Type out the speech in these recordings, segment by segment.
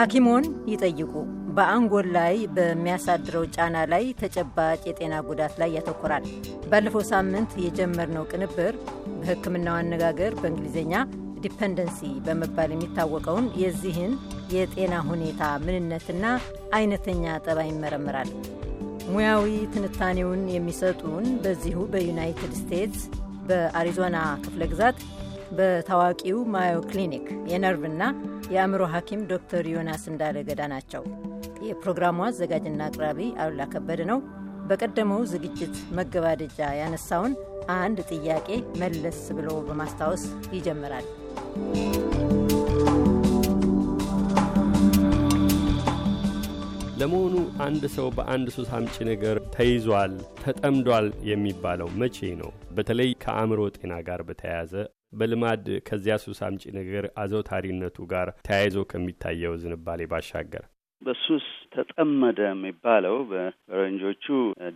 ሐኪሞን ይጠይቁ በአንጎል ላይ በሚያሳድረው ጫና ላይ ተጨባጭ የጤና ጉዳት ላይ ያተኮራል። ባለፈው ሳምንት የጀመርነው ቅንብር በሕክምናው አነጋገር በእንግሊዝኛ ዲፐንደንሲ በመባል የሚታወቀውን የዚህን የጤና ሁኔታ ምንነትና አይነተኛ ጠባይ ይመረምራል። ሙያዊ ትንታኔውን የሚሰጡን በዚሁ በዩናይትድ ስቴትስ በአሪዞና ክፍለ ግዛት በታዋቂው ማዮ ክሊኒክ የነርቭና የአእምሮ ሐኪም ዶክተር ዮናስ እንዳለ ገዳ ናቸው። የፕሮግራሙ አዘጋጅና አቅራቢ አሉላ ከበድ ነው። በቀደመው ዝግጅት መገባደጃ ያነሳውን አንድ ጥያቄ መለስ ብሎ በማስታወስ ይጀምራል። ለመሆኑ አንድ ሰው በአንድ ሱስ አምጪ ነገር ተይዟል፣ ተጠምዷል የሚባለው መቼ ነው? በተለይ ከአእምሮ ጤና ጋር በተያያዘ በልማድ ከዚያ ሱስ አምጪ ነገር አዘውታሪነቱ ጋር ተያይዞ ከሚታየው ዝንባሌ ባሻገር በሱስ ተጠመደ የሚባለው በፈረንጆቹ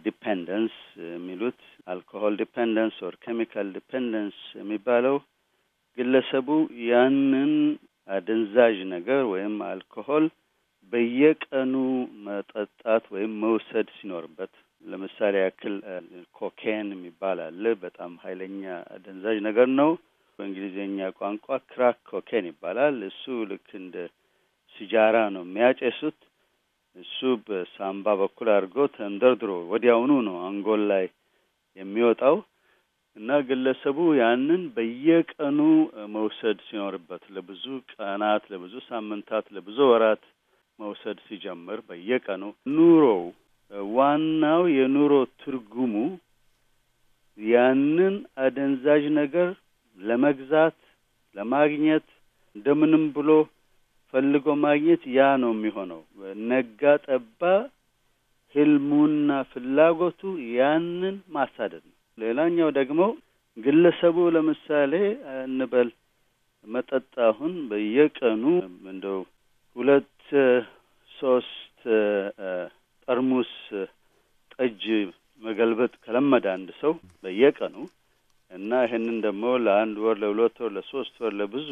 ዲፔንደንስ የሚሉት አልኮሆል ዲፔንደንስ ኦር ኬሚካል ዲፔንደንስ የሚባለው ግለሰቡ ያንን አደንዛዥ ነገር ወይም አልኮሆል በየቀኑ መጠጣት ወይም መውሰድ ሲኖርበት ለምሳሌ ያክል ኮኬን የሚባል አለ። በጣም ኃይለኛ አደንዛዥ ነገር ነው። በእንግሊዝኛ ቋንቋ ክራክ ኮኬን ይባላል። እሱ ልክ እንደ ሲጃራ ነው የሚያጨሱት። እሱ በሳምባ በኩል አድርጎ ተንደርድሮ ወዲያውኑ ነው አንጎል ላይ የሚወጣው እና ግለሰቡ ያንን በየቀኑ መውሰድ ሲኖርበት ለብዙ ቀናት፣ ለብዙ ሳምንታት፣ ለብዙ ወራት መውሰድ ሲጀምር በየቀኑ ኑሮው ዋናው የኑሮ ትርጉሙ ያንን አደንዛዥ ነገር ለመግዛት ለማግኘት እንደምንም ብሎ ፈልጎ ማግኘት ያ ነው የሚሆነው። ነጋ ጠባ ህልሙና ፍላጎቱ ያንን ማሳደድ ነው። ሌላኛው ደግሞ ግለሰቡ ለምሳሌ እንበል መጠጥ አሁን በየቀኑ እንደው ሁለት ሶስት ጠርሙስ ጠጅ መገልበጥ ከለመደ አንድ ሰው በየቀኑ እና ይህንን ደግሞ ለአንድ ወር፣ ለሁለት ወር፣ ለሶስት ወር፣ ለብዙ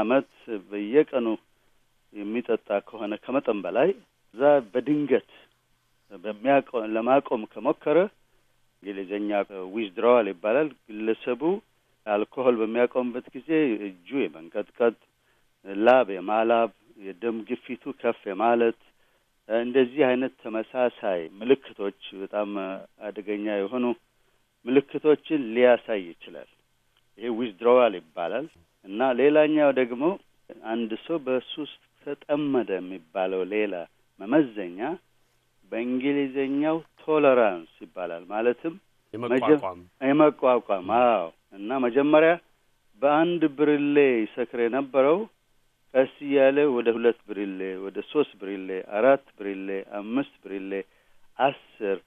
አመት በየቀኑ የሚጠጣ ከሆነ ከመጠን በላይ እዛ በድንገት ለማቆም ከሞከረ እንግሊዝኛ ዊዝድሮዋል ይባላል። ግለሰቡ አልኮሆል በሚያቆምበት ጊዜ እጁ የመንቀጥቀጥ ላብ የማላብ የደም ግፊቱ ከፍ ማለት እንደዚህ አይነት ተመሳሳይ ምልክቶች በጣም አደገኛ የሆኑ ምልክቶችን ሊያሳይ ይችላል። ይሄ ዊዝድሮዋል ይባላል እና ሌላኛው ደግሞ አንድ ሰው በሱስ ተጠመደ የሚባለው ሌላ መመዘኛ በእንግሊዝኛው ቶለራንስ ይባላል። ማለትም የመቋቋም አዎ። እና መጀመሪያ በአንድ ብርሌ ይሰክር የነበረው ቀስ እያለ ወደ ሁለት ብሪሌ፣ ወደ ሶስት ብሪሌ፣ አራት ብሪሌ፣ አምስት ብሪሌ፣ አስር፣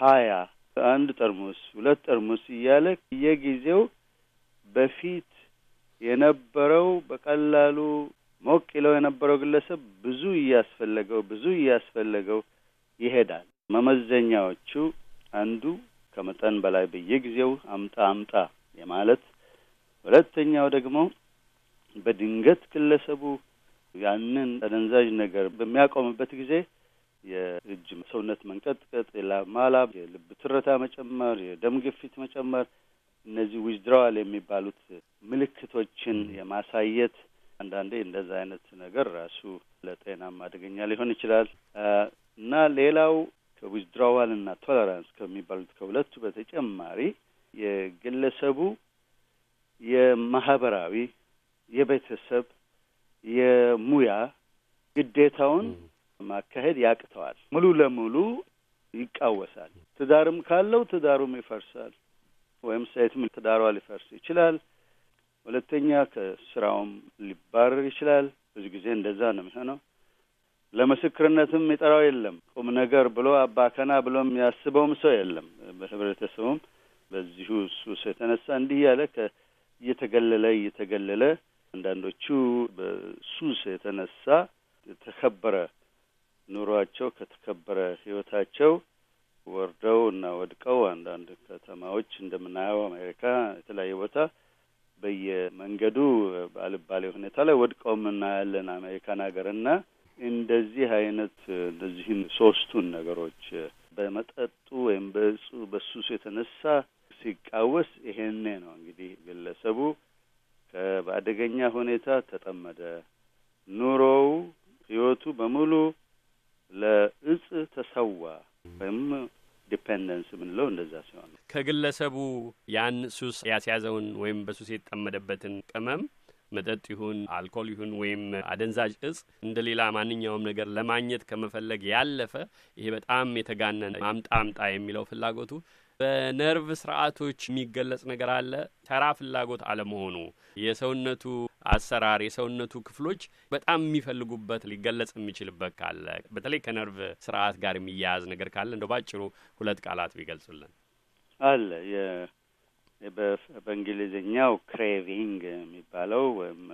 ሀያ አንድ ጠርሙስ፣ ሁለት ጠርሙስ እያለ የጊዜው በፊት የነበረው በቀላሉ ሞቅ ይለው የነበረው ግለሰብ ብዙ እያስፈለገው ብዙ እያስፈለገው ይሄዳል። መመዘኛዎቹ አንዱ ከመጠን በላይ በየጊዜው አምጣ አምጣ የማለት፣ ሁለተኛው ደግሞ በድንገት ግለሰቡ ያንን ተደንዛዥ ነገር በሚያቆምበት ጊዜ የእጅ ሰውነት መንቀጥቀጥ፣ የላብ ማላብ፣ የልብ ትረታ መጨመር፣ የደም ግፊት መጨመር እነዚህ ዊዝድራዋል የሚባሉት ምልክቶችን የማሳየት አንዳንዴ እንደዛ አይነት ነገር ራሱ ለጤናም አደገኛ ሊሆን ይችላል እና ሌላው ከዊዝድራዋል እና ቶለራንስ ከሚባሉት ከሁለቱ በተጨማሪ የግለሰቡ የማህበራዊ የቤተሰብ የሙያ ግዴታውን ማካሄድ ያቅተዋል። ሙሉ ለሙሉ ይቃወሳል። ትዳርም ካለው ትዳሩም ይፈርሳል፣ ወይም ሴትም ትዳሯ ሊፈርስ ይችላል። ሁለተኛ ከስራውም ሊባረር ይችላል። ብዙ ጊዜ እንደዛ ነው የሚሆነው። ለምስክርነትም የሚጠራው የለም። ቁም ነገር ብሎ አባከና ብሎ የሚያስበውም ሰው የለም። በህብረተሰቡም በዚሁ ሱስ የተነሳ እንዲህ እያለ እየተገለለ እየተገለለ አንዳንዶቹ በሱስ የተነሳ የተከበረ ኑሯቸው ከተከበረ ህይወታቸው ወርደው እና ወድቀው አንዳንድ ከተማዎች እንደምናየው አሜሪካ የተለያየ ቦታ በየመንገዱ በአልባሌ ሁኔታ ላይ ወድቀው የምናያለን አሜሪካን ሀገር እና እንደዚህ አይነት እነዚህን ሶስቱን ነገሮች በመጠጡ ወይም በሱ በሱሱ የተነሳ ሲቃወስ ይሄኔ ነው እንግዲህ ግለሰቡ በአደገኛ ሁኔታ ተጠመደ። ኑሮው ህይወቱ በሙሉ ለእጽ ተሰዋ ወይም ዲፔንደንስ የምንለው እንደዛ ሲሆን ከግለሰቡ ያን ሱስ ያስያዘውን ወይም በሱስ የተጠመደበትን ቅመም መጠጥ ይሁን አልኮል ይሁን ወይም አደንዛዥ እጽ እንደ ሌላ ማንኛውም ነገር ለማግኘት ከመፈለግ ያለፈ ይሄ በጣም የተጋነነ አምጣ አምጣ የሚለው ፍላጎቱ በነርቭ ስርዓቶች የሚገለጽ ነገር አለ። ተራ ፍላጎት አለመሆኑ የሰውነቱ አሰራር የሰውነቱ ክፍሎች በጣም የሚፈልጉበት ሊገለጽ የሚችልበት ካለ በተለይ ከነርቭ ስርዓት ጋር የሚያያዝ ነገር ካለ እንደ ባጭሩ ሁለት ቃላት ቢገልጹልን አለ። በእንግሊዝኛው ክሬቪንግ የሚባለው ወይም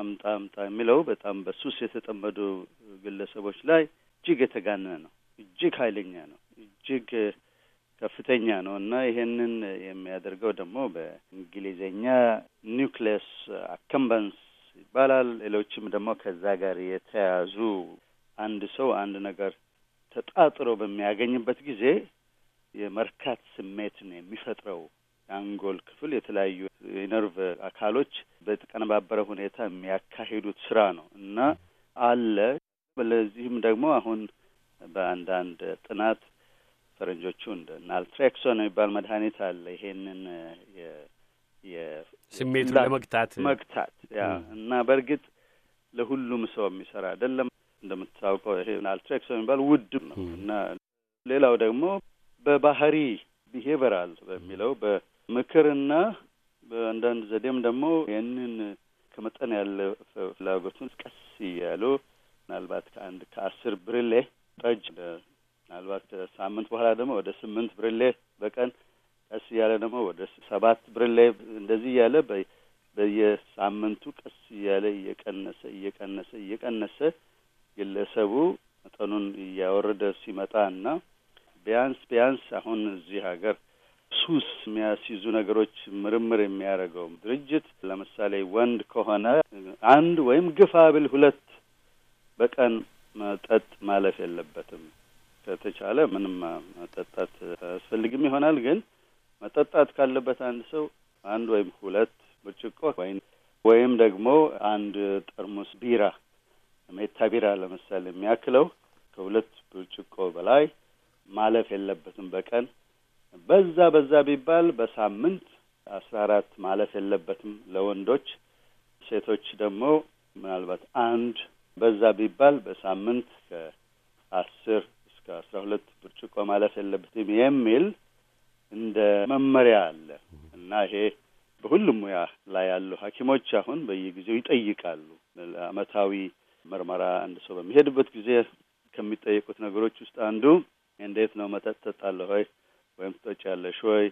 አምጣ አምጣ የሚለው በጣም በሱስ የተጠመዱ ግለሰቦች ላይ እጅግ የተጋነነ ነው። እጅግ ኃይለኛ ነው። እጅግ ከፍተኛ ነው እና ይሄንን የሚያደርገው ደግሞ በእንግሊዝኛ ኒውክሌስ አከምበንስ ይባላል። ሌሎችም ደግሞ ከዛ ጋር የተያዙ አንድ ሰው አንድ ነገር ተጣጥሮ በሚያገኝበት ጊዜ የመርካት ስሜትን የሚፈጥረው የአንጎል ክፍል የተለያዩ የነርቭ አካሎች በተቀነባበረ ሁኔታ የሚያካሂዱት ስራ ነው እና አለ። ለዚህም ደግሞ አሁን በአንዳንድ ጥናት ፈረንጆቹ እንደ ናልትሬክሶን የሚባል መድኃኒት አለ። ይሄንን ስሜቱ ለመግታት መግታት እና በእርግጥ ለሁሉም ሰው የሚሰራ አይደለም። እንደምታውቀው ይሄ ናልትሬክሶን የሚባል ውድም ነው እና ሌላው ደግሞ በባህሪ ቢሄቨራል በሚለው በምክርና በአንዳንድ ዘዴም ደግሞ ይህንን ከመጠን ያለ ፍላጎቱን ቀስ እያሉ ምናልባት ከአንድ ከአስር ብርሌ ጠጅ ምናልባት ሳምንት በኋላ ደግሞ ወደ ስምንት ብርሌ በቀን ቀስ እያለ ደግሞ ወደ ሰባት ብርሌ እንደዚህ እያለ በየሳምንቱ ቀስ እያለ እየቀነሰ እየቀነሰ እየቀነሰ ግለሰቡ መጠኑን እያወረደ ሲመጣ እና ቢያንስ ቢያንስ አሁን እዚህ ሀገር ሱስ የሚያስይዙ ነገሮች ምርምር የሚያደርገው ድርጅት ለምሳሌ ወንድ ከሆነ አንድ ወይም ግፋ ብል ሁለት በቀን መጠጥ ማለፍ የለበትም። ከተቻለ ምንም መጠጣት አያስፈልግም ይሆናል። ግን መጠጣት ካለበት አንድ ሰው አንድ ወይም ሁለት ብርጭቆ ወይን ወይም ደግሞ አንድ ጠርሙስ ቢራ ሜታ ቢራ ለምሳሌ የሚያክለው ከሁለት ብርጭቆ በላይ ማለፍ የለበትም በቀን በዛ በዛ ቢባል በሳምንት አስራ አራት ማለፍ የለበትም ለወንዶች። ሴቶች ደግሞ ምናልባት አንድ በዛ ቢባል በሳምንት ከአስር አስራ ሁለት ብርጭቆ ማለፍ የለበትም የሚል እንደ መመሪያ አለ እና ይሄ በሁሉም ሙያ ላይ ያሉ ሐኪሞች አሁን በየጊዜው ይጠይቃሉ። ለአመታዊ ምርመራ አንድ ሰው በሚሄድበት ጊዜ ከሚጠየቁት ነገሮች ውስጥ አንዱ እንዴት ነው መጠጥ ትጠጣለህ ሆይ ወይም ትጠጫለሽ ሆይ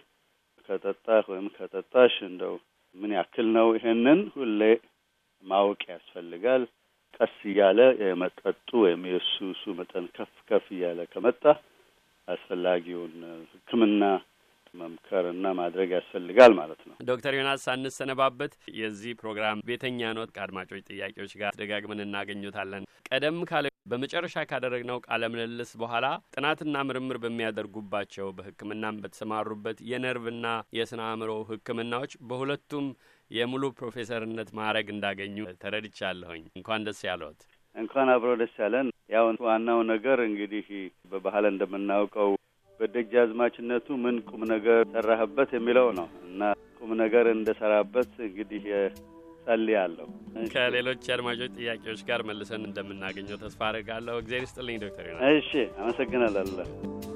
ከጠጣህ ወይም ከጠጣሽ እንደው ምን ያክል ነው? ይሄንን ሁሌ ማወቅ ያስፈልጋል። ቀስ እያለ የመጠጡ ወይም የሱሱ መጠን ከፍ ከፍ እያለ ከመጣ አስፈላጊውን ሕክምና መምከርና ማድረግ ያስፈልጋል ማለት ነው። ዶክተር ዮናስ ሳንሰነባበት የዚህ ፕሮግራም ቤተኛ ኖት ከአድማጮች ጥያቄዎች ጋር ደጋግመን እናገኙታለን። ቀደም ካለ በመጨረሻ ካደረግነው ቃለ ምልልስ በኋላ ጥናትና ምርምር በሚያደርጉባቸው በሕክምናም በተሰማሩበት የነርቭና የስነ አእምሮ ህክምናዎች በሁለቱም የሙሉ ፕሮፌሰርነት ማዕረግ እንዳገኙ ተረድቻለሁኝ። እንኳን ደስ ያለሁት። እንኳን አብሮ ደስ ያለን። ያው ዋናው ነገር እንግዲህ በባህል እንደምናውቀው በደጃዝማችነቱ ምን ቁም ነገር ሰራህበት የሚለው ነው እና ቁም ነገር እንደሰራበት እንግዲህ ጸልያለሁ። ከሌሎች አድማጮች ጥያቄዎች ጋር መልሰን እንደምናገኘው ተስፋ አድርጋለሁ። እግዜር ይስጥልኝ ዶክተር እሺ፣ አመሰግናለሁ።